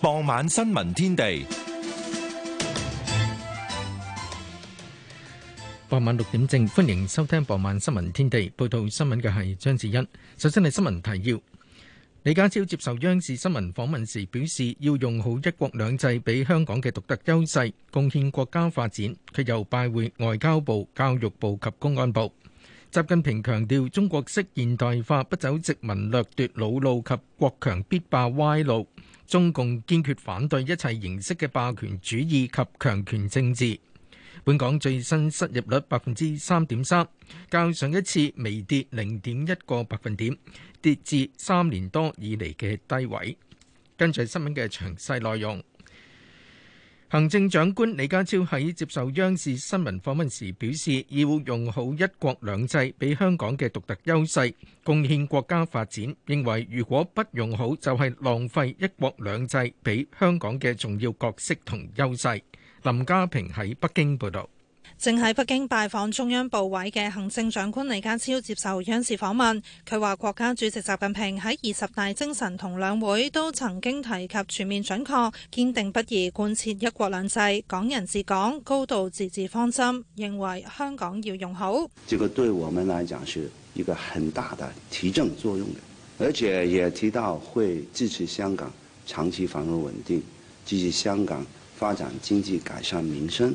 傍晚新聞天地，傍晚六點正，歡迎收聽傍晚新聞天地。報道新聞嘅係張智欣。首先係新聞提要。李家超接受央視新聞訪問時表示，要用好一國兩制，俾香港嘅獨特優勢貢獻國家發展。佢又拜會外交部、教育部及公安部。習近平強調，中國式現代化不走殖民掠奪老路及國強必霸歪路。中共堅決反對一切形式嘅霸權主義及強權政治。本港最新失業率百分之三點三，較上一次微跌零點一個百分點，跌至三年多以嚟嘅低位。根據新聞嘅詳細內容。行政長官李家超喺接受央視新聞訪問時表示，要用好一國兩制俾香港嘅獨特優勢，貢獻國家發展。認為如果不用好，就係浪費一國兩制俾香港嘅重要角色同優勢。林家平喺北京報道。正喺北京拜訪中央部委嘅行政長官李家超接受央視訪問，佢話：國家主席習近平喺二十大精神同兩會都曾經提及全面準確、堅定不移貫徹一國兩制、港人治港、高度自治方針，認為香港要用好。這個對我們來講是一個很大的提振作用嘅，而且也提到會支持香港長期繁榮穩定，支持香港發展經濟、改善民生。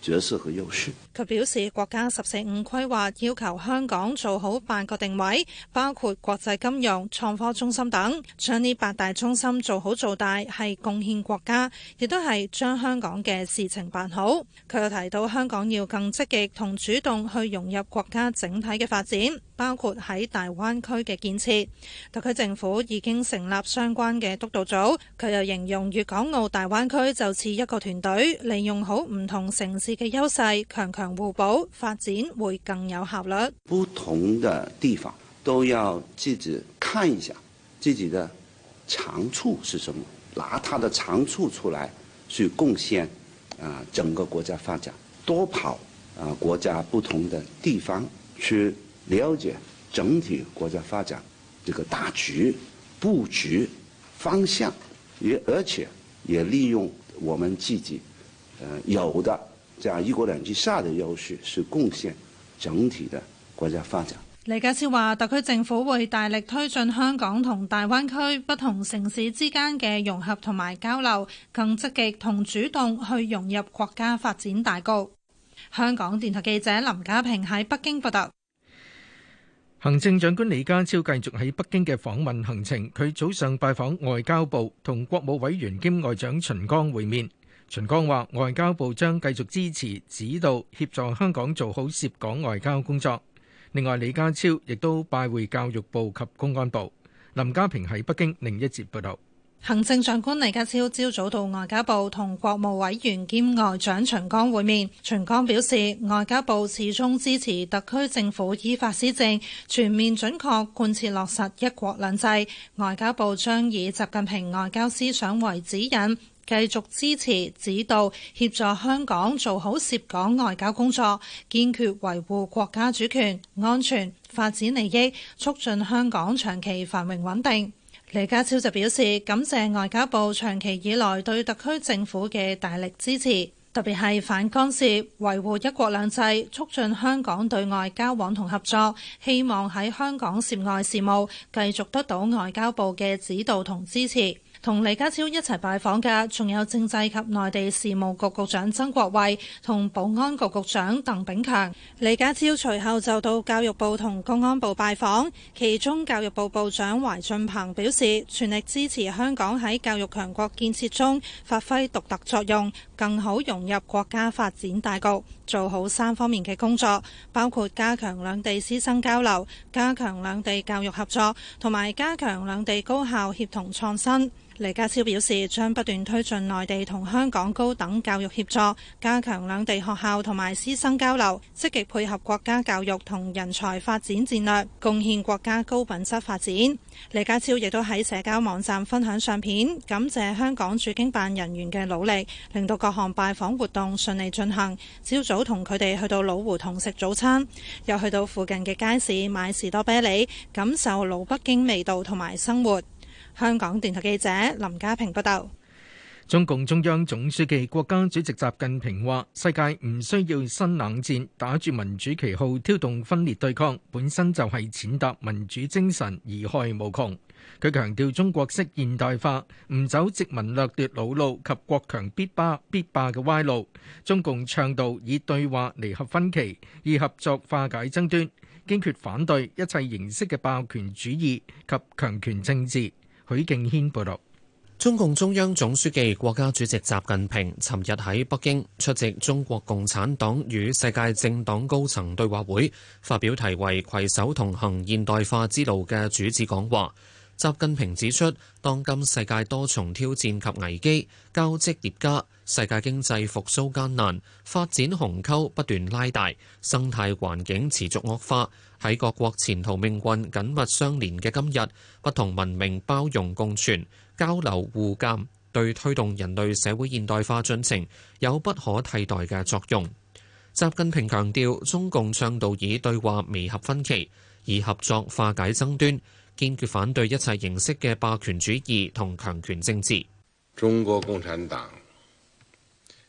佢表示，國家十四五規劃要求香港做好八個定位，包括國際金融、創科中心等。將呢八大中心做好做大，係貢獻國家，亦都係將香港嘅事情辦好。佢又提到，香港要更積極同主動去融入國家整體嘅發展。包括喺大灣區嘅建設，特區政府已經成立相關嘅督導組。佢又形容粵港澳大灣區就似一個團隊，利用好唔同城市嘅優勢，強強互補，發展會更有效率。不同的地方都要自己看一下自己的長處是什麼，拿他的長處出來去貢獻啊整個國家發展。多跑啊國家不同的地方去。了解整體國家發展這個大局、布局方向，也而且也利用我們自己，呃有的這樣一國兩制下的優勢，是貢獻整體的國家發展。李家超話，特區政府會大力推進香港同大灣區不同城市之間嘅融合同埋交流，更積極同主動去融入國家發展大局。香港電台記者林家平喺北京報道。行政長官李家超繼續喺北京嘅訪問行程，佢早上拜訪外交部，同國務委員兼外長秦剛會面。秦剛話，外交部將繼續支持、指導、協助香港做好涉港外交工作。另外，李家超亦都拜會教育部及公安部。林家平喺北京另一節報道。行政長官李家超朝早到外交部同國務委員兼外長秦剛會面。秦剛表示，外交部始終支持特區政府依法施政，全面準確貫徹落實一國兩制。外交部將以習近平外交思想為指引，繼續支持、指導、協助香港做好涉港外交工作，堅決維護國家主權、安全、發展利益，促進香港長期繁榮穩定。李家超就表示，感謝外交部長期以來對特區政府嘅大力支持，特別係反干涉、維護一國兩制、促進香港對外交往同合作，希望喺香港涉外事務繼續得到外交部嘅指導同支持。同李家超一齊拜訪嘅，仲有政制及內地事務局局長曾國衛同保安局局長鄧炳強。李家超隨後就到教育部同公安部拜訪，其中教育部部長懷進鵬表示，全力支持香港喺教育強國建設中發揮獨特作用，更好融入國家發展大局，做好三方面嘅工作，包括加強兩地師生交流，加強兩地教育合作，同埋加強兩地高校協同創新。李家超表示，將不斷推進內地同香港高等教育協作，加強兩地學校同埋師生交流，積極配合國家教育同人才發展戰略，貢獻國家高品質發展。李家超亦都喺社交網站分享相片，感謝香港駐京辦人員嘅努力，令到各項拜訪活動順利進行。朝早同佢哋去到老胡同食早餐，又去到附近嘅街市買士多啤梨，感受老北京味道同埋生活。香港電台記者林家平報道，中共中央總書記、國家主席習近平話：世界唔需要新冷戰，打住民主旗號挑動分裂對抗，本身就係踐踏民主精神，貽害無窮。佢強調，中國式現代化唔走殖民掠奪老路及國強必霸、必霸嘅歪路。中共倡導以對話彌合分歧，以合作化解爭端，堅決反對一切形式嘅霸權主義及強權政治。許敬軒報道，中共中央總書記、國家主席習近平尋日喺北京出席中國共產黨與世界政黨高層對話會，發表題為《攜手同行現代化之路》嘅主旨講話。習近平指出，當今世界多重挑戰及危機交織疊加。世界經濟復甦艱難，發展鴻溝不斷拉大，生態環境持續惡化。喺各國前途命運緊密相連嘅今日，不同文明包容共存、交流互鑑，對推動人類社會現代化進程有不可替代嘅作用。習近平強調，中共倡導以對話彌合分歧，以合作化解爭端，堅決反對一切形式嘅霸權主義同強權政治。中國共產黨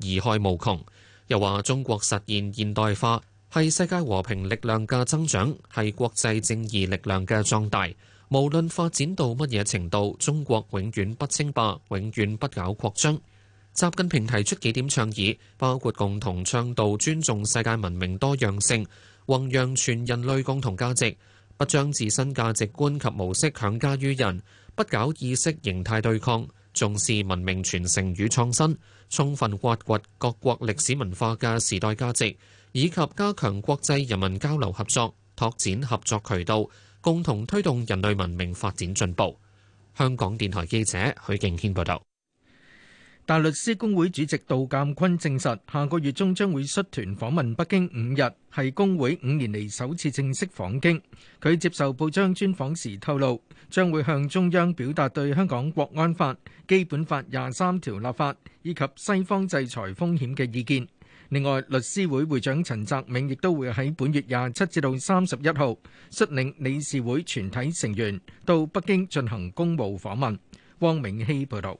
貽害無窮，又話中國實現現代化，係世界和平力量嘅增長，係國際正義力量嘅壯大。無論發展到乜嘢程度，中國永遠不稱霸，永遠不搞擴張。習近平提出幾點倡議，包括共同倡導尊重世界文明多樣性，弘揚全人類共同價值，不將自身價值觀及模式強加於人，不搞意識形態對抗。重視文明傳承與創新，充分挖掘，各國歷史文化嘅時代價值，以及加強國際人民交流合作，拓展合作渠道，共同推動人類文明發展進步。香港電台記者，許敬軒報道。大律師公會主席杜淦堃證實，下個月中將會率團訪問北京五日，係公會五年嚟首次正式訪京。佢接受報章專訪時透露，將會向中央表達對香港國安法、基本法廿三條立法以及西方制裁風險嘅意見。另外，律師會會長陳澤銘亦都會喺本月廿七至到三十一號率領理事會全體成員到北京進行公務訪問。汪明希報道。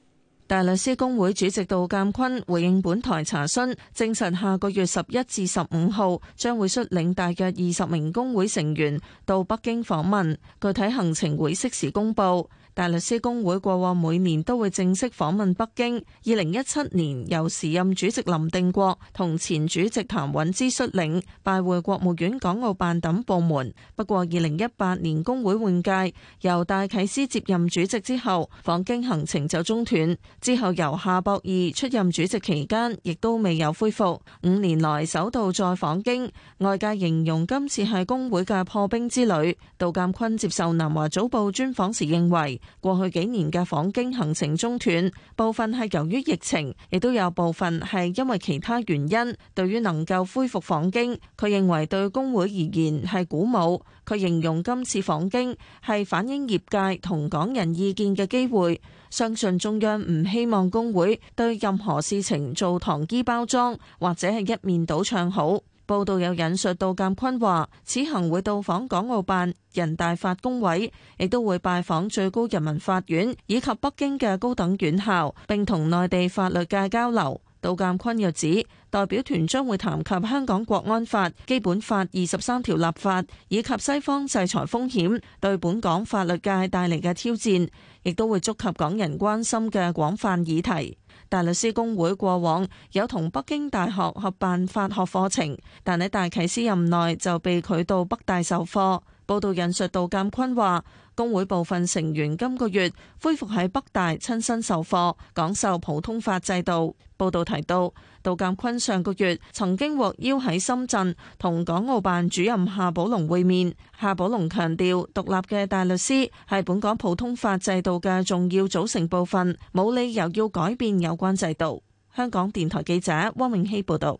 大律師公會主席杜淦堃回應本台查詢，證實下個月十一至十五號將會率領大約二十名公會成員到北京訪問，具體行程會適時公佈。大律師公會過往每年都會正式訪問北京。二零一七年由時任主席林定國同前主席譚允芝率領拜會國務院港澳辦等部門。不過二零一八年公會換屆，由戴啟思接任主席之後訪京行程就中斷，之後由夏博義出任主席期間亦都未有恢復，五年來首度再訪京，外界形容今次係公會嘅破冰之旅。杜鑒坤接受南華早報專訪時認為。過去幾年嘅訪京行程中斷，部分係由於疫情，亦都有部分係因為其他原因。對於能夠恢復訪京，佢認為對工會而言係鼓舞。佢形容今次訪京係反映業界同港人意見嘅機會，相信中央唔希望工會對任何事情做糖衣包裝，或者係一面倒唱好。報道有引述杜鑑坤話：此行會到訪港澳辦、人大法工委，亦都會拜訪最高人民法院以及北京嘅高等院校，並同內地法律界交流。杜鑑坤又指，代表團將會談及香港國安法、基本法二十三條立法，以及西方制裁風險對本港法律界帶嚟嘅挑戰，亦都會觸及港人關心嘅廣泛議題。大律師公會過往有同北京大學合辦法學課程，但喺戴啟思任內就被拒到北大授課。報道引述杜鑑坤話，工會部分成員今個月恢復喺北大親身授課，講授普通法制度。報道提到，杜鑑坤上個月曾經獲邀喺深圳同港澳辦主任夏寶龍會面。夏寶龍強調，獨立嘅大律師係本港普通法制度嘅重要組成部分，冇理由要改變有關制度。香港電台記者汪永熙報道。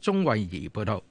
鐘慧儀報道，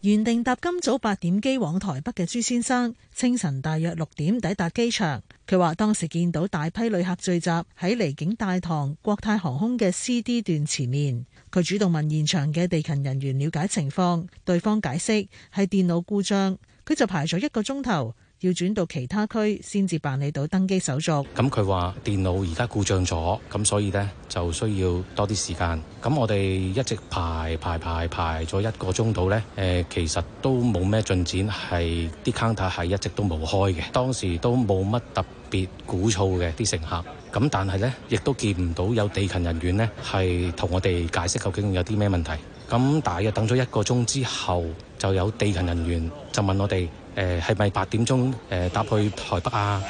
原定搭今早八點機往台北嘅朱先生，清晨大約六點抵達機場。佢話當時見到大批旅客聚集喺離境大堂國泰航空嘅 C D 段前面，佢主動問現場嘅地勤人員了解情況，對方解釋係電腦故障，佢就排咗一個鐘頭。要轉到其他區先至辦理到登機手續。咁佢話電腦而家故障咗，咁所以呢就需要多啲時間。咁我哋一直排排排排咗一個鐘度呢，誒、呃、其實都冇咩進展，係啲 counter 係一直都冇開嘅。當時都冇乜特別鼓噪嘅啲乘客。咁但係呢亦都見唔到有地勤人員呢係同我哋解釋究竟有啲咩問題。咁大約等咗一個鐘之後，就有地勤人員就問我哋。誒係咪八點鐘誒、呃、搭去台北啊？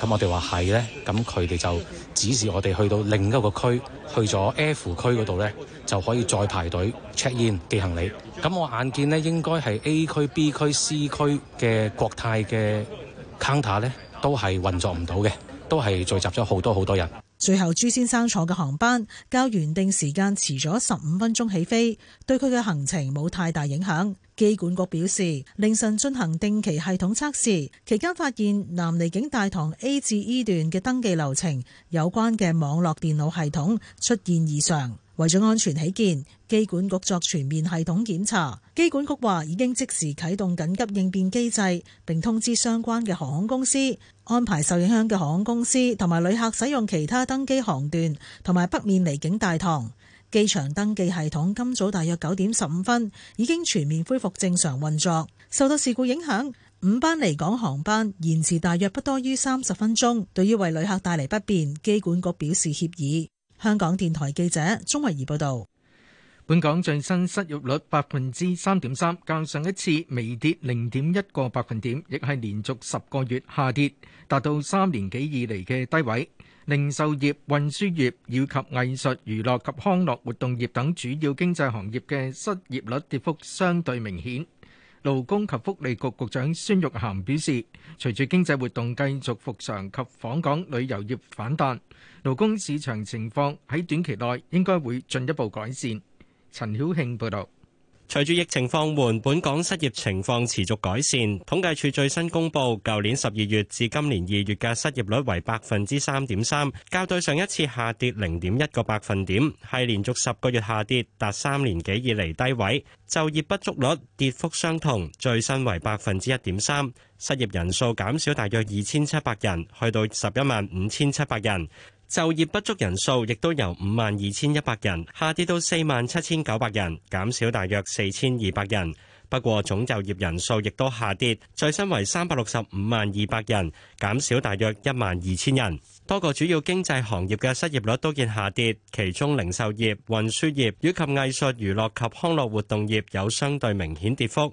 咁、嗯、我哋話係咧，咁佢哋就指示我哋去到另一個區，去咗 F 區度咧就可以再排隊 check in 寄行李。咁、嗯、我眼見咧應該係 A 區 B 區 C 區嘅國泰嘅 counter 咧都係運作唔到嘅，都係聚集咗好多好多人。最後，朱先生坐嘅航班較原定時間遲咗十五分鐘起飛，對佢嘅行程冇太大影響。機管局表示，凌晨進行定期系統測試，期間，發現南離境大堂 A 至 E 段嘅登記流程有關嘅網絡電腦系統出現異常。為咗安全起見，機管局作全面系統檢查。機管局話已經即時啟動緊急應變機制，並通知相關嘅航空公司，安排受影響嘅航空公司同埋旅客使用其他登機航段同埋北面離境大堂。機場登記系統今早大約九點十五分已經全面恢復正常運作。受到事故影響，五班離港航班延遲大約不多於三十分鐘。對於為旅客帶嚟不便，機管局表示歉意。香港電台記者鍾慧怡報道，本港最新失業率百分之三點三，較上一次微跌零點一個百分點，亦係連續十個月下跌，達到三年幾以嚟嘅低位。零售業、運輸業以及藝術娛樂及康樂活動業等主要經濟行業嘅失業率跌幅相對明顯。勞工及福利局局長孫玉菡表示，隨住經濟活動繼續復常及訪港旅遊業反彈。勞工市場情況喺短期內應該會進一步改善。陳曉慶報道，隨住疫情放緩，本港失業情況持續改善。統計處最新公布，舊年十二月至今年二月嘅失業率為百分之三點三，較對上一次下跌零點一個百分點，係連續十個月下跌，達三年幾以嚟低位。就業不足率跌幅相同，最新為百分之一點三，失業人數減少大約二千七百人，去到十一萬五千七百人。就業不足人數亦都由五萬二千一百人下跌到四萬七千九百人，減少大約四千二百人。不過總就業人數亦都下跌，最新為三百六十五萬二百人，減少大約一萬二千人。多個主要經濟行業嘅失業率都見下跌，其中零售業、運輸業以及藝術、娛樂及康樂活動業有相對明顯跌幅。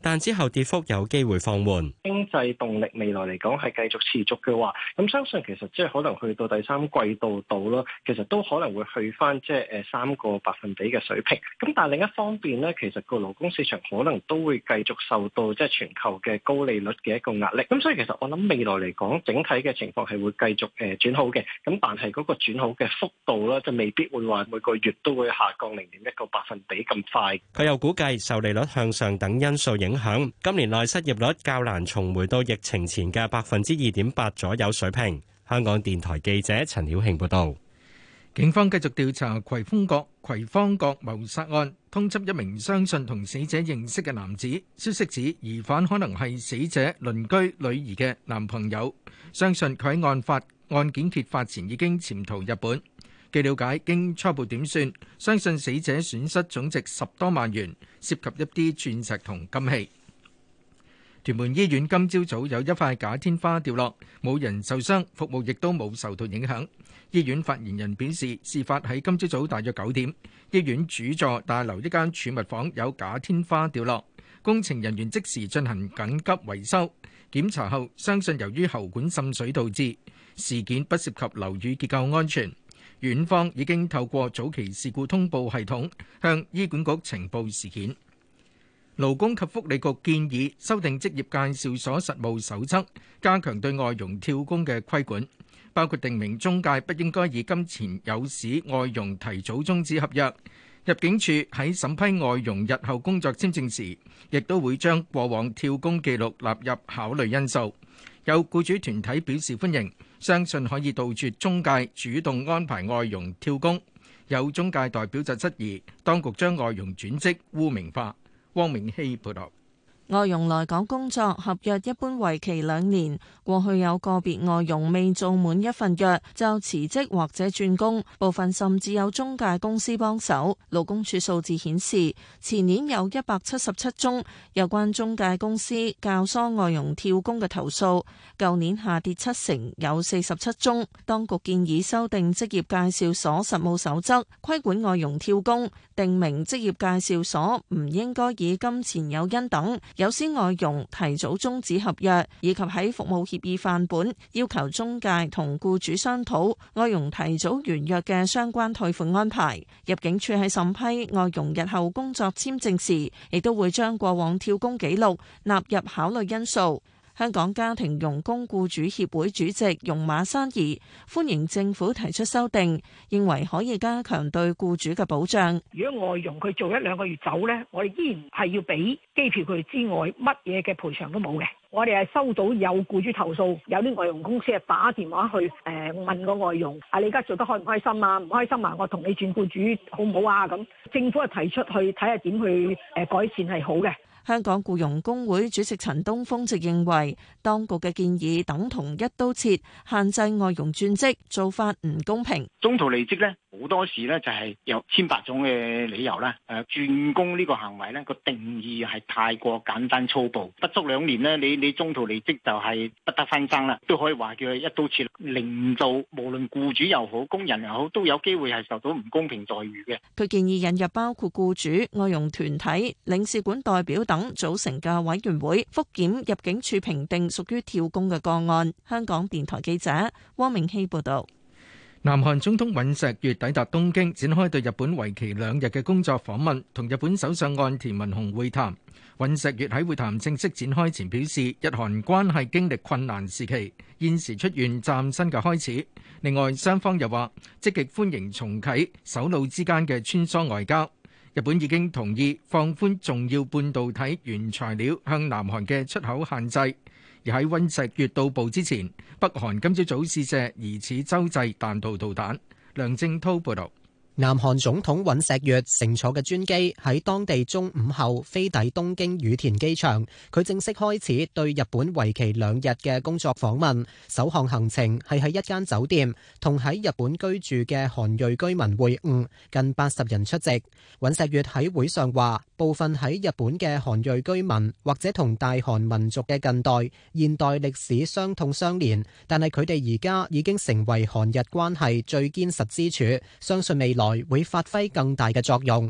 但之後跌幅有機會放緩，經濟動力未來嚟講係繼續持續嘅話，咁相信其實即係可能去到第三季度度咯，其實都可能會去返即係誒三個百分比嘅水平。咁但係另一方面咧，其實個勞工市場可能都會繼續受到即係全球嘅高利率嘅一個壓力。咁所以其實我諗未來嚟講，整體嘅情況係會繼續誒轉好嘅。咁但係嗰個轉好嘅幅度咧，就未必會話每個月都會下降零點一個百分比咁快。佢又估計受利率向上等因素影。影響今年內失業率較難重回到疫情前嘅百分之二點八左右水平。香港電台記者陳曉慶報道，警方繼續調查葵豐國葵芳國謀殺案，通緝一名相信同死者認識嘅男子。消息指疑犯可能係死者鄰居女兒嘅男朋友，相信佢喺案發案件揭發前已經潛逃日本。據了解，經初步點算，相信死者損失總值十多萬元，涉及一啲鑽石同金器。屯門醫院今朝早有一塊假天花掉落，冇人受傷，服務亦都冇受到影響。醫院發言人表示，事發喺今朝早大約九點，醫院主座大樓一間儲物房有假天花掉落，工程人員即時進行緊急維修。檢查後，相信由於喉管滲水導致，事件不涉及樓宇結構安全。院方已經透過早期事故通報系統向醫管局呈報事件。勞工及福利局建議修訂職業介紹所實務守則，加強對外傭跳工嘅規管，包括定明中介不應該以金錢誘使外傭提早終止合約。入境處喺審批外傭日後工作簽證時，亦都會將過往跳工記錄納入考慮因素。有僱主團體表示歡迎。相信可以杜絕中介主動安排外傭跳工。有中介代表就質疑，當局將外傭轉職污名化。汪明希報道。外傭來港工作合約一般為期兩年，過去有個別外傭未做滿一份約就辭職或者轉工，部分甚至有中介公司幫手。勞工處數字顯示，前年有一百七十七宗有關中介公司教唆外傭跳工嘅投訴，舊年下跌七成，有四十七宗。當局建議修訂職業介紹所實務守則，規管外傭跳工，定明職業介紹所唔應該以金錢誘因等。有些外傭提早終止合約，以及喺服務協議範本要求中介同僱主商討外傭提早完約嘅相關退款安排。入境處喺審批外傭日後工作簽證時，亦都會將過往跳工紀錄納入考慮因素。香港家庭傭工雇主協會主席容馬珊儀歡迎政府提出修訂，認為可以加強對雇主嘅保障。如果外傭佢做一兩個月走咧，我哋依然係要俾機票佢之外，乜嘢嘅賠償都冇嘅。我哋係收到有雇主投訴，有啲外傭公司係打電話去，誒問個外傭，啊你而家做得開唔開心啊？唔開心啊，我同你轉雇主好唔好啊？咁政府係提出去睇下點去誒改善係好嘅。香港雇傭工會主席陳東峰就認為，當局嘅建議等同一刀切，限制外傭轉職做法唔公平。中途離職咧？好多時呢，就係有千百種嘅理由啦。誒，轉工呢個行為呢個定義係太過簡單粗暴。不足兩年呢，你你中途離職就係不得翻生啦，都可以話叫一刀切，令到無論雇主又好，工人又好，都有機會係受到唔公平待遇嘅。佢建議引入包括雇主、外傭團體、領事館代表等組成嘅委員會，復檢入境處評定屬於跳工嘅個案。香港電台記者汪明熙報導。南韓總統尹錫悅抵達東京，展開對日本為期兩日嘅工作訪問，同日本首相岸田文雄會談。尹錫悅喺會談正式展開前表示，日韓關係經歷困難時期，現時出現嶄新嘅開始。另外，雙方又話積極歡迎重啟首腦之間嘅穿梭外交。日本已經同意放寬重要半導體原材料向南韓嘅出口限制。而喺溫石月到步之前，北韓今朝早早試射疑似洲際彈道導彈。梁正滔報道。南韓總統尹錫悅乘坐嘅專機喺當地中午後飛抵東京羽田機場，佢正式開始對日本為期兩日嘅工作訪問。首項行程係喺一間酒店同喺日本居住嘅韓裔居民會晤，近八十人出席。尹錫悅喺會上話：部分喺日本嘅韓裔居民或者同大韓民族嘅近代現代歷史傷痛相連，但係佢哋而家已經成為韓日關係最堅實之處，相信未來。會發揮更大嘅作用。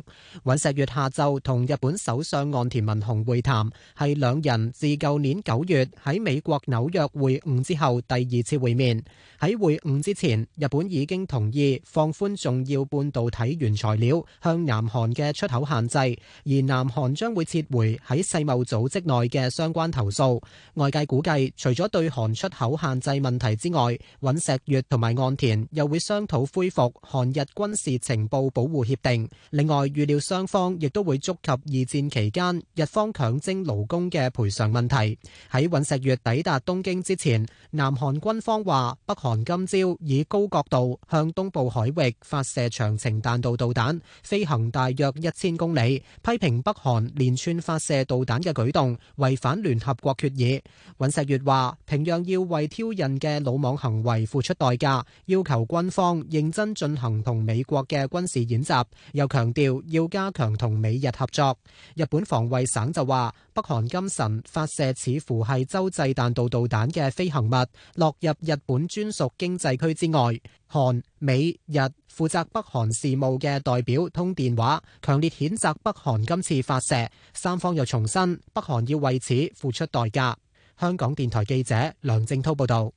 尹錫悅下晝同日本首相岸田文雄會談，係兩人自舊年九月喺美國紐約會晤之後第二次會面。喺會晤之前，日本已經同意放寬重要半導體原材料向南韓嘅出口限制，而南韓將會撤回喺世貿組織內嘅相關投訴。外界估計，除咗對韓出口限制問題之外，尹錫悅同埋岸田又會商討恢復韓日軍事。情報保護協定。另外，預料雙方亦都會觸及二戰期間日方強徵勞工嘅賠償問題。喺尹石月抵達東京之前，南韓軍方話北韓今朝以高角度向東部海域發射長程彈道導彈，飛行大約一千公里，批評北韓連串發射導彈嘅舉動違反聯合國決議。尹石月話，平壤要為挑釁嘅魯莽行為付出代價，要求軍方認真進行同美國。嘅軍事演習，又強調要加強同美日合作。日本防衛省就話，北韓今晨發射似乎係洲際彈道導彈嘅飛行物，落入日本專屬經濟區之外。韓美日負責北韓事務嘅代表通電話，強烈譴責北韓今次發射。三方又重申，北韓要為此付出代價。香港電台記者梁正濤報道。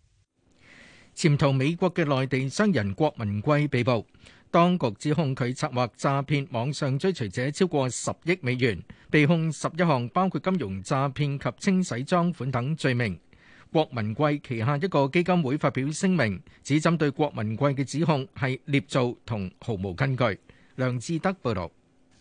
潛逃美國嘅內地商人郭文貴被捕。當局指控佢策劃詐騙網上追隨者超過十億美元，被控十一項，包括金融詐騙及清洗贓款等罪名。郭文貴旗下一個基金會發表聲明，指針對郭文貴嘅指控係捏造同毫無根據。梁志德報導，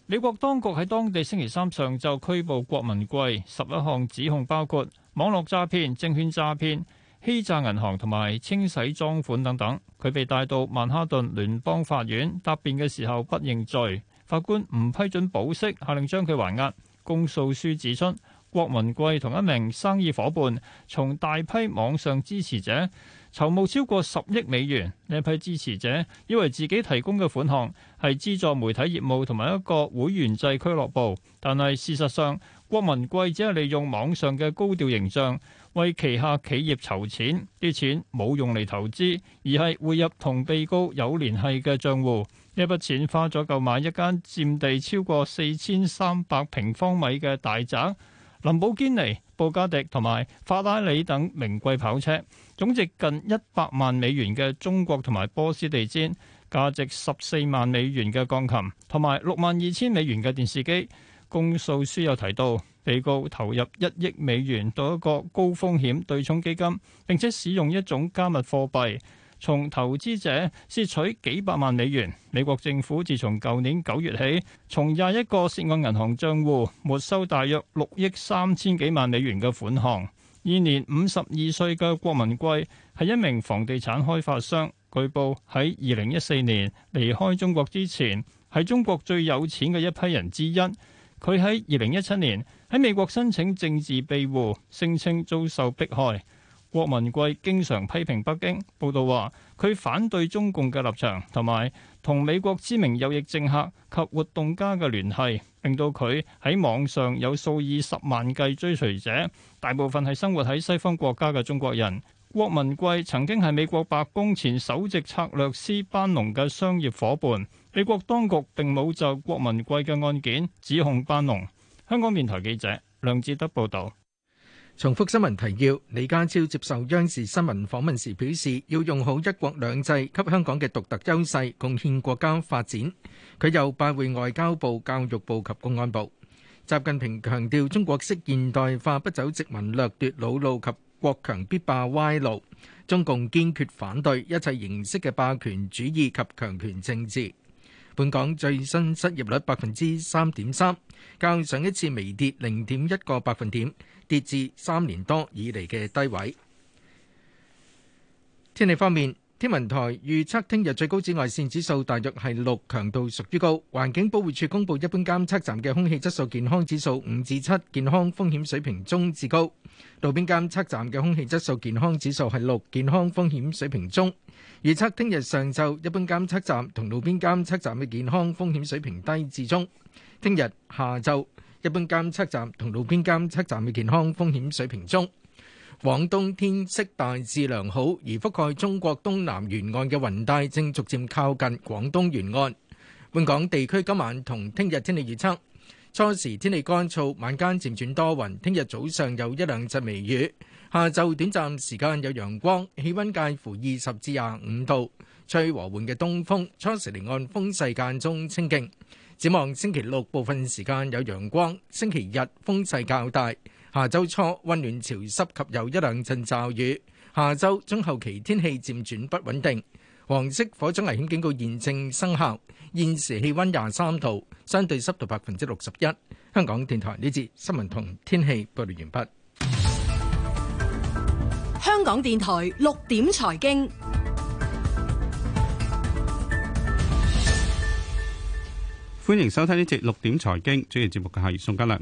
美國當局喺當地星期三上晝拘捕郭文貴，十一項指控包括網絡詐騙、證券詐騙。欺詐銀行同埋清洗贓款等等，佢被帶到曼哈頓聯邦法院答辯嘅時候不認罪，法官唔批准保釋，下令將佢還押。公訴書指出，郭文貴同一名生意伙伴從大批網上支持者籌募超過十億美元，呢批支持者以為自己提供嘅款項係資助媒體業務同埋一個會員制俱樂部，但係事實上。郭文貴只係利用網上嘅高調形象，為旗下企業籌錢。啲錢冇用嚟投資，而係匯入同被告有聯繫嘅帳戶。呢筆錢花咗購買一間佔地超過四千三百平方米嘅大宅，林寶堅尼、布加迪同埋法拉利等名貴跑車，總值近一百萬美元嘅中國同埋波斯地氈，價值十四萬美元嘅鋼琴，同埋六萬二千美元嘅電視機。公訴書有提到，被告投入一億美元到一個高風險對沖基金，並且使用一種加密貨幣從投資者竊取幾百萬美元。美國政府自從舊年九月起，從廿一個涉案銀行賬戶沒收大約六億三千幾萬美元嘅款項。現年五十二歲嘅郭文貴係一名房地產開發商，據報喺二零一四年離開中國之前，係中國最有錢嘅一批人之一。佢喺二零一七年喺美國申請政治庇護，聲稱遭受迫害。郭文貴經常批評北京，報道話佢反對中共嘅立場，同埋同美國知名右翼政客及活動家嘅聯繫，令到佢喺網上有數以十萬計追隨者，大部分係生活喺西方國家嘅中國人。郭文貴曾經係美國白宮前首席策略師班農嘅商業伙伴。美國當局並冇就國民貴嘅案件指控班農。香港電台記者梁志德報道，重複新聞提要：李家超接受央視新聞訪問時表示，要用好一國兩制及香港嘅獨特優勢，貢獻國家發展。佢又拜會外交部、教育部及公安部。習近平強調，中國式現代化不走殖民掠奪老路及國強必霸歪路。中共堅決反對一切形式嘅霸權主義及強權政治。本港最新失業率百分之三點三，較上一次微跌零點一個百分點，跌至三年多以嚟嘅低位。天氣方面。天文台預測聽日最高紫外線指數大約係六，強度屬於高。環境保護署公布一般監測站嘅空氣質素健康指數五至七，健康風險水平中至高。路邊監測站嘅空氣質素健康指數係六，健康風險水平中。預測聽日上晝一般監測站同路邊監測站嘅健康風險水平低至中。聽日下晝一般監測站同路邊監測站嘅健康風險水平中。廣東天色大致良好，而覆蓋中國東南沿岸嘅雲帶正逐漸靠近廣東沿岸。本港地區今晚同聽日天氣預測：初時天氣乾燥，晚間漸轉多雲，聽日早上有一兩陣微雨，下晝短暫時間有陽光，氣温介乎二十至廿五度，吹和緩嘅東風，初時離岸風勢間中清勁。展望星期六部分時間有陽光，星期日風勢較大。下周初溫暖潮濕及有一兩陣驟雨，下周中後期天氣漸轉不穩定。黃色火災危險警告現正生效。現時氣溫廿三度，相對濕度百分之六十一。香港電台呢節新聞同天氣報道完畢。香港電台六點財經，財經歡迎收睇呢節六點財經，主持節目嘅係宋家良。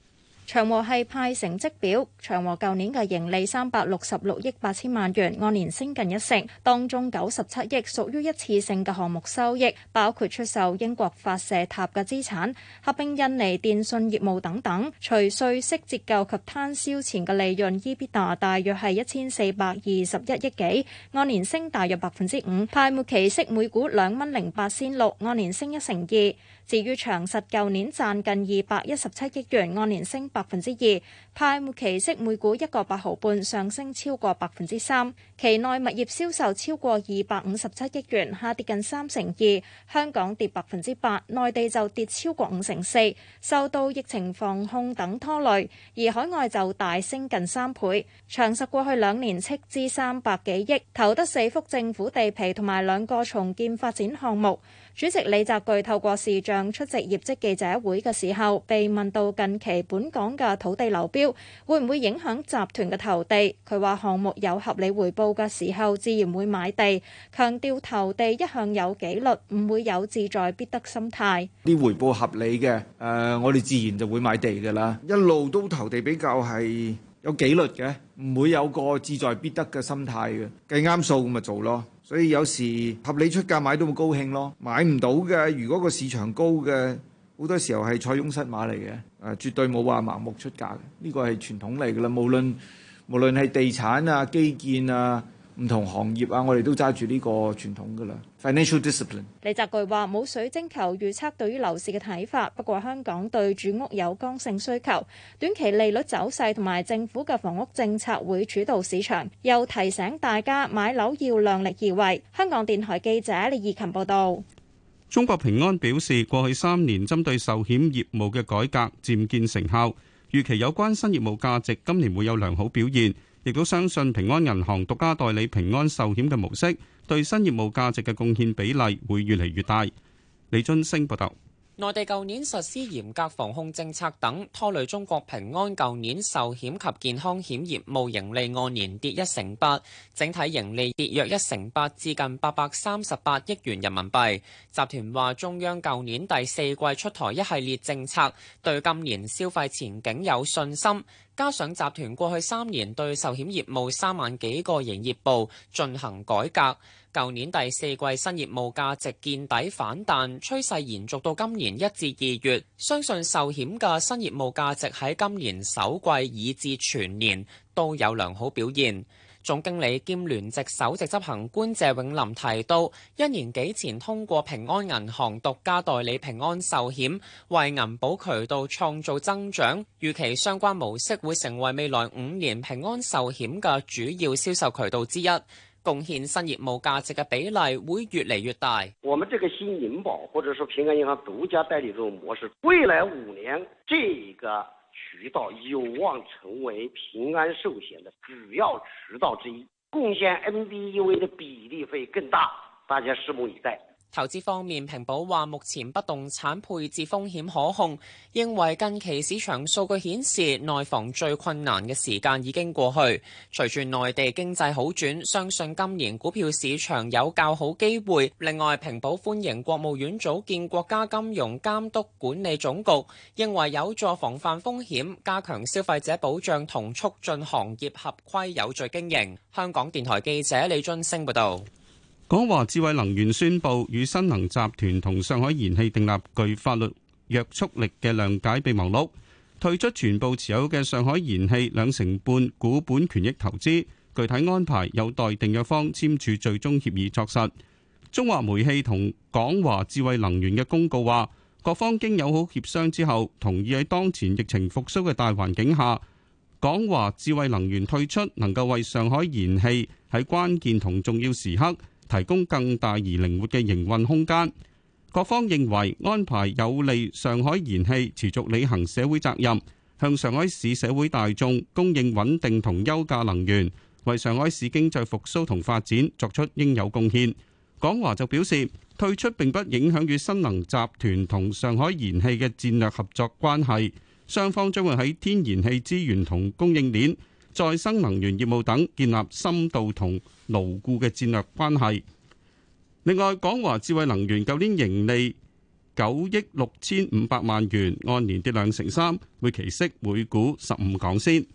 長和係派成績表，長和舊年嘅盈利三百六十六億八千萬元，按年升近一成，當中九十七億屬於一次性嘅項目收益，包括出售英國發射塔嘅資產、合併印尼電信業務等等，除稅息折舊及攤銷前嘅利潤 EBITDA 大約係一千四百二十一億幾，按年升大約百分之五，派末期息每股兩蚊零八仙六，按年升一成二。至於長實，舊年賺近二百一十七億元，按年升百分之二，派末期息每股一個八毫半，上升超過百分之三。期內物業銷售超過二百五十七億元，下跌近三成二，香港跌百分之八，內地就跌超過五成四，受到疫情防控等拖累，而海外就大升近三倍。長實過去兩年斥資三百幾億，投得四幅政府地皮同埋兩個重建發展項目。主席李澤钜透過視像出席業績記者會嘅時候，被問到近期本港嘅土地流標會唔會影響集團嘅投地，佢話項目有合理回報嘅時候，自然會買地，強調投地一向有紀律，唔會有志在必得心態。啲回報合理嘅，誒，我哋自然就會買地㗎啦。一路都投地比較係有紀律嘅，唔會有個志在必得嘅心態嘅，計啱數咁咪做咯。所以有時合理出價買都會高興咯，買唔到嘅，如果個市場高嘅，好多時候係塞翁失馬嚟嘅，誒、呃、絕對冇話盲目出價嘅，呢、這個係傳統嚟㗎啦，無論無論係地產啊、基建啊。唔同行業啊，我哋都揸住呢個傳統噶啦。李澤鉅話：冇水晶球預測對於樓市嘅睇法，不過香港對住屋有剛性需求，短期利率走勢同埋政府嘅房屋政策會主導市場。又提醒大家買樓要量力而為。香港電台記者李義琴報道。中國平安表示，過去三年針對壽險業務嘅改革漸見成效，預期有關新業務價值今年會有良好表現。亦都相信平安銀行獨家代理平安壽險嘅模式，對新業務價值嘅貢獻比例會越嚟越大。李津升報道。內地舊年實施嚴格防控政策等，拖累中國平安舊年壽險及健康險業務盈利按年跌一成八，整體盈利跌約一成八至近八百三十八億元人民幣。集團話中央舊年第四季出台一系列政策，對今年消費前景有信心，加上集團過去三年對壽險業務三萬幾個營業部進行改革。舊年第四季新業務價值見底反彈，趨勢延續到今年一至二月，相信壽險嘅新業務價值喺今年首季以至全年都有良好表現。總經理兼聯席首席執行官謝永林提到，一年幾前通過平安銀行獨家代理平安壽險，為銀保渠道創造增長，預期相關模式會成為未來五年平安壽險嘅主要銷售渠道之一。貢獻新業務價值嘅比例會越嚟越大。我們這個新銀保，或者說平安銀行獨家代理這種模式，未來五年這個渠道，有望成為平安壽險的主要渠道之一，貢獻 NBUV 的比例會更大，大家拭目以待。投資方面，平保話目前不動產配置風險可控，認為近期市場數據顯示內房最困難嘅時間已經過去，隨住內地經濟好轉，相信今年股票市場有較好機會。另外，平保歡迎國務院組建國家金融監督管理總局，認為有助防範風險、加強消費者保障同促進行業合規有序經營。香港電台記者李津升報道。港華智慧能源宣布與新能集團同上海燃氣訂立具法律約束力嘅諒解備忘錄，退出全部持有嘅上海燃氣兩成半股本權益投資。具體安排有待訂約方簽署最終協議作實。中華煤氣同港華智慧能源嘅公告話，各方經友好協商之後，同意喺當前疫情復甦嘅大環境下，港華智慧能源退出能夠為上海燃氣喺關鍵同重要時刻。提供更大而靈活嘅營運空間。各方認為安排有利上海燃氣持續履行社會責任，向上海市社會大眾供應穩定同優價能源，為上海市經濟復甦同發展作出應有貢獻。港華就表示，退出並不影響與新能集團同上海燃氣嘅戰略合作關係，雙方將會喺天然氣資源同供應鏈、再生能源業務等建立深度同牢固嘅戰略關係。另外，港華智慧能源舊年盈利九億六千五百萬元，按年跌兩成三，每期息每股十五港仙。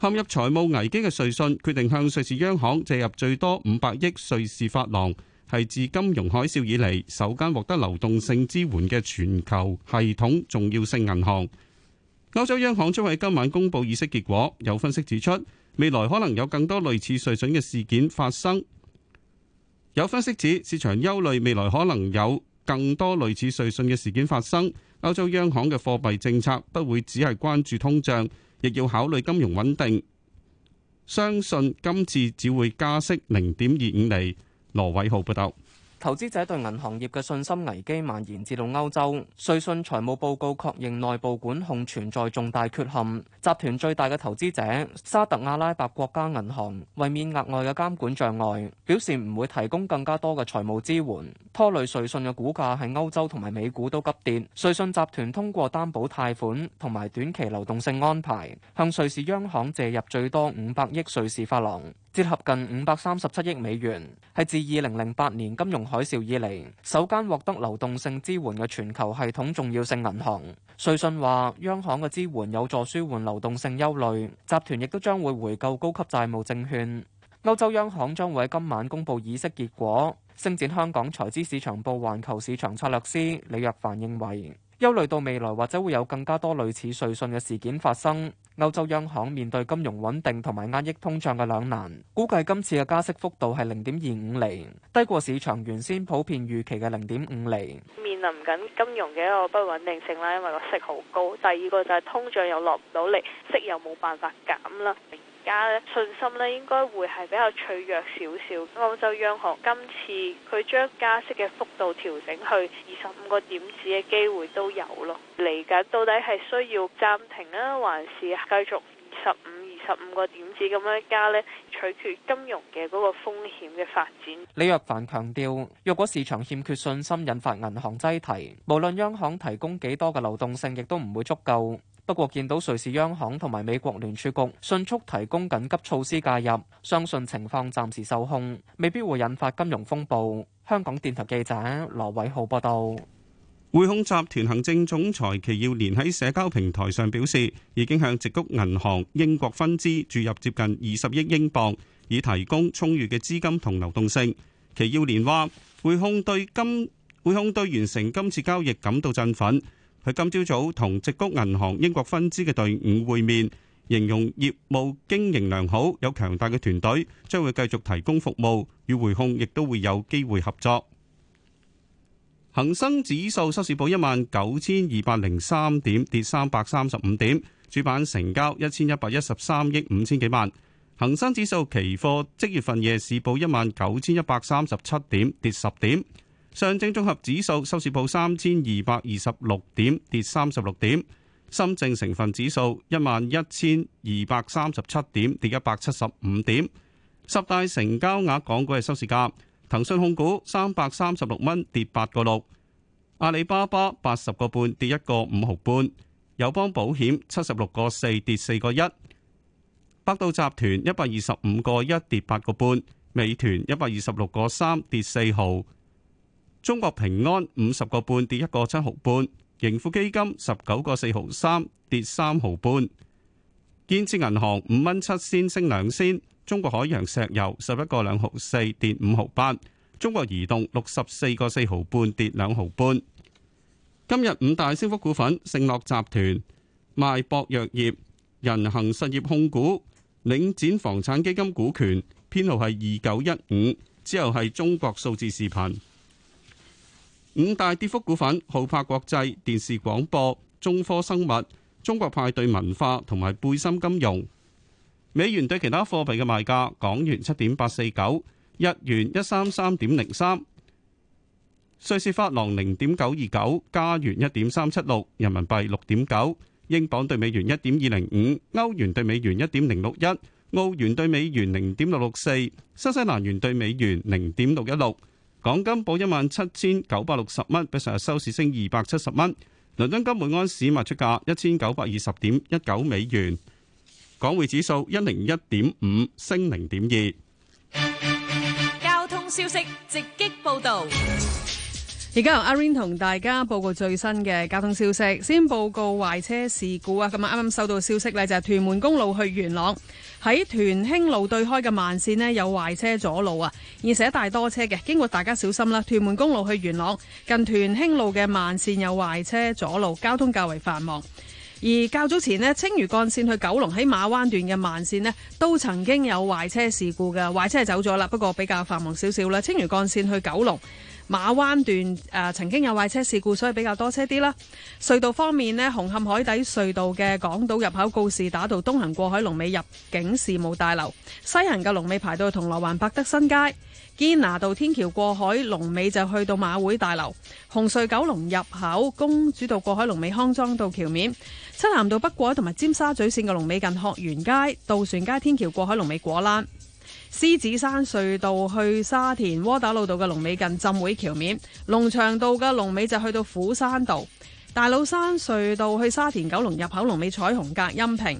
陷入財務危機嘅瑞信決定向瑞士央行借入最多五百億瑞士法郎，係自金融海嘯以嚟首間獲得流動性支援嘅全球系統重要性銀行。歐洲央行將喺今晚公布議息結果，有分析指出未來可能有更多類似瑞信嘅事件發生。有分析指市場憂慮未來可能有更多類似瑞信嘅事件發生。歐洲央行嘅貨幣政策不會只係關注通脹，亦要考慮金融穩定。相信今次只會加息零點二五厘。羅偉浩報道。投資者對銀行業嘅信心危機蔓延至到歐洲。瑞信財務報告確認內部管控存在重大缺陷。集團最大嘅投資者沙特阿拉伯國家銀行為免額外嘅監管障礙，表示唔會提供更加多嘅財務支援，拖累瑞信嘅股價喺歐洲同埋美股都急跌。瑞信集團通過擔保貸款同埋短期流動性安排，向瑞士央行借入最多五百億瑞士法郎。結合近五百三十七億美元，係自二零零八年金融海嘯以嚟首間獲得流動性支援嘅全球系統重要性銀行。瑞信話，央行嘅支援有助舒緩流動性憂慮，集團亦都將會回購高級債務證券。歐洲央行將會喺今晚公布議息結果。星展香港財資市場部環球市場策略師李若凡認為。憂慮到未來或者會有更加多類似瑞信嘅事件發生。歐洲央行面對金融穩定同埋壓抑通脹嘅兩難，估計今次嘅加息幅度係零點二五厘，低過市場原先普遍預期嘅零點五厘。面臨緊金融嘅一個不穩定性啦，因為個息好高。第二個就係通脹又落唔到嚟，息又冇辦法減啦。加信心咧應該會係比較脆弱少少。歐洲央行今次佢將加息嘅幅度調整去二十五個點子嘅機會都有咯。嚟緊到底係需要暫停啊，還是繼續二十五、二十五個點子咁樣加咧，取決金融嘅嗰個風險嘅發展。李若凡強調，若果市場欠缺信心引發銀行擠提，無論央行提供幾多嘅流動性，亦都唔會足夠。不過，見到瑞士央行同埋美國聯儲局迅速提供緊急措施介入，相信情況暫時受控，未必會引發金融風暴。香港電台記者羅偉浩報道。匯控集團行政總裁祁耀年喺社交平台上表示，已經向矽谷銀行英國分支注入接近二十億英鎊，以提供充裕嘅資金同流動性。祁耀年話：匯控對今匯控對完成今次交易感到振奮。佢今朝早同矽谷銀行英國分支嘅隊伍會面，形容業務經營良好，有強大嘅團隊，將會繼續提供服務，與匯控亦都會有機會合作。恒生指數收市報一萬九千二百零三點，跌三百三十五點，主板成交一千一百一十三億五千幾萬。恒生指數期貨即月份夜市報一萬九千一百三十七點，跌十點。上證綜合指數收市報三千二百二十六點，跌三十六點。深證成分指數一萬一千二百三十七點，跌一百七十五點。十大成交額港股嘅收市價：騰訊控股三百三十六蚊，跌八個六；阿里巴巴八十個半，跌一個五毫半；友邦保險七十六個四，跌四個一；百度集團一百二十五個一，跌八個半；美團一百二十六個三，跌四毫。中國平安五十個半跌一個七毫半，盈富基金十九個四毫三跌三毫半，建設銀行五蚊七仙升兩仙，中國海洋石油十一個兩毫四跌五毫八，中國移動六十四個四毫半跌兩毫半。今日五大升幅股份：盛樂集團、邁博藥業、人行實業控股、領展房產基金股權，編號係二九一五，之後係中國數字視頻。五大跌幅股份：浩柏國際、電視廣播、中科生物、中國派對文化同埋貝森金融。美元對其他貨幣嘅賣價：港元七點八四九，日元一三三點零三，瑞士法郎零點九二九，加元一點三七六，人民幣六點九，英鎊對美元一點二零五，歐元對美元一點零六一，澳元對美元零點六六四，新西蘭元對美元零點六一六。港金報一萬七千九百六十蚊，比上日收市升二百七十蚊。倫敦金每安市賣出價一千九百二十點一九美元。港匯指數一零一點五，升零點二。交通消息直擊報道，而家由阿 Rain 同大家報告最新嘅交通消息。先報告壞車事故啊！咁啊，啱啱收到消息呢，就係屯門公路去元朗。喺屯興路對開嘅慢線咧有壞車阻路啊，而且大多車嘅，經過大家小心啦。屯門公路去元朗，近屯興路嘅慢線有壞車阻路，交通較為繁忙。而較早前咧，青嶼幹線去九龍喺馬灣段嘅慢線咧，都曾經有壞車事故噶，壞車係走咗啦，不過比較繁忙少少啦。青嶼幹線去九龍。馬灣段誒、呃、曾經有壞車事故，所以比較多車啲啦。隧道方面呢，紅磡海底隧道嘅港島入口告士打道東行過海龍尾入境事務大樓；西行嘅龍尾排到銅鑼灣百德新街。堅拿道天橋過海龍尾就去到馬會大樓。紅隧九龍入口公主道過海龍尾康莊道橋面。漆咸道北過海同埋尖沙咀線嘅龍尾近鶴園街，渡船街天橋過海龍尾果欄。獅子山隧道去沙田窩打老道嘅龍尾近浸會橋面，龍翔道嘅龍尾就去到虎山道，大老山隧道去沙田九龍入口龍尾彩虹隔音屏。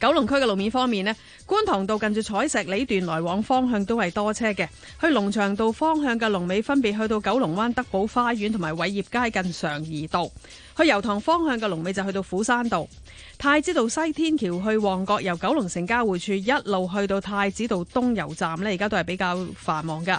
九龍區嘅路面方面咧，觀塘道近住彩石里段來往方向都係多車嘅；去龍翔道方向嘅龍尾分別去到九龍灣德寶花園同埋偉業街近常怡道；去油塘方向嘅龍尾就去到虎山道、太子道西天橋去旺角由九龍城交匯處一路去到太子道東油站呢而家都係比較繁忙噶。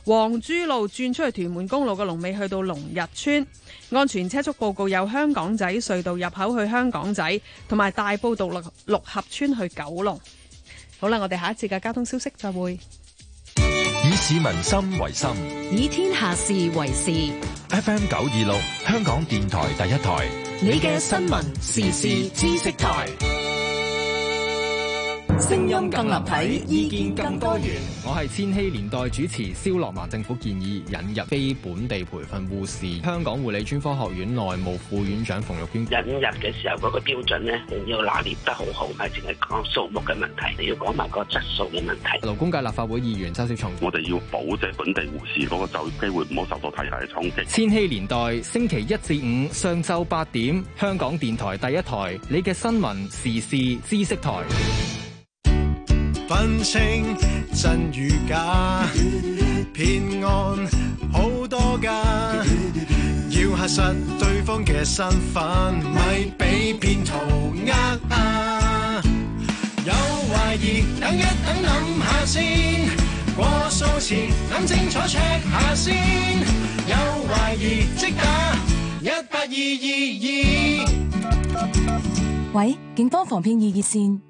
黃珠路轉出去屯門公路嘅龍尾去到龍日村，安全車速報告有香港仔隧道入口去香港仔，同埋大埔道六六合村去九龍。好啦，我哋下一次嘅交通消息就會以市民心為心，以天下事為事。FM 九二六，香港電台第一台，你嘅新聞時事知識台。聲音更立體，意見更多元。我係千禧年代主持蕭洛汶。政府建議引入非本地培訓護士。香港護理專科學院內務副院長馮玉娟：引入嘅時候嗰個標準呢，你要拿捏得好好，唔係淨係講數目嘅問題，你要講埋個質素嘅問題。勞工界立法會議員周小松：我哋要保證本地護士嗰個就業機會，唔好受到太大嘅衝擊。千禧年代星期一至五上晝八點，香港電台第一台，你嘅新聞時事知識台。分清真與假，騙案好多㗎， 要核實對方嘅身份，咪俾騙徒呃啊！ 有懷疑，等一等諗下先，過數前諗清楚 check 下先，有懷疑即打一八二二二。喂，警方防騙易熱線。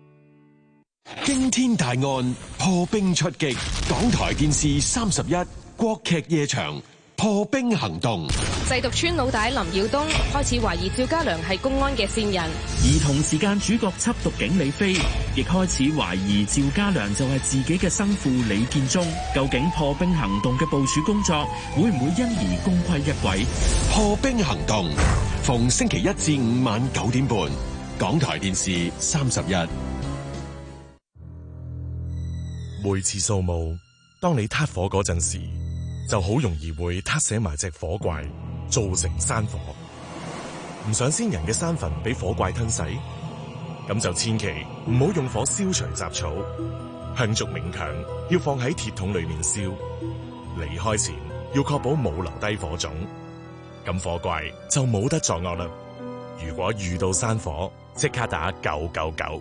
驚天大案破冰出擊，港台電視三十一國劇夜場破冰行動。製毒村老大林耀東開始懷疑趙家良係公安嘅線人，而同時間主角緝毒警李飛亦開始懷疑趙家良就係自己嘅生父李建忠。究竟破冰行動嘅部署工作會唔會因而功虧一簣？破冰行動逢星期一至五晚九點半，港台電視三十一。每次掃墓，當你撻火嗰陣時，就好容易會撻寫埋隻火怪，造成山火。唔想先人嘅山墳俾火怪吞噬，咁就千祈唔好用火燒除雜草，香燭冥鏹要放喺鐵桶裏面燒。離開前要確保冇留低火種，咁火怪就冇得作惡啦。如果遇到山火，即刻打九九九。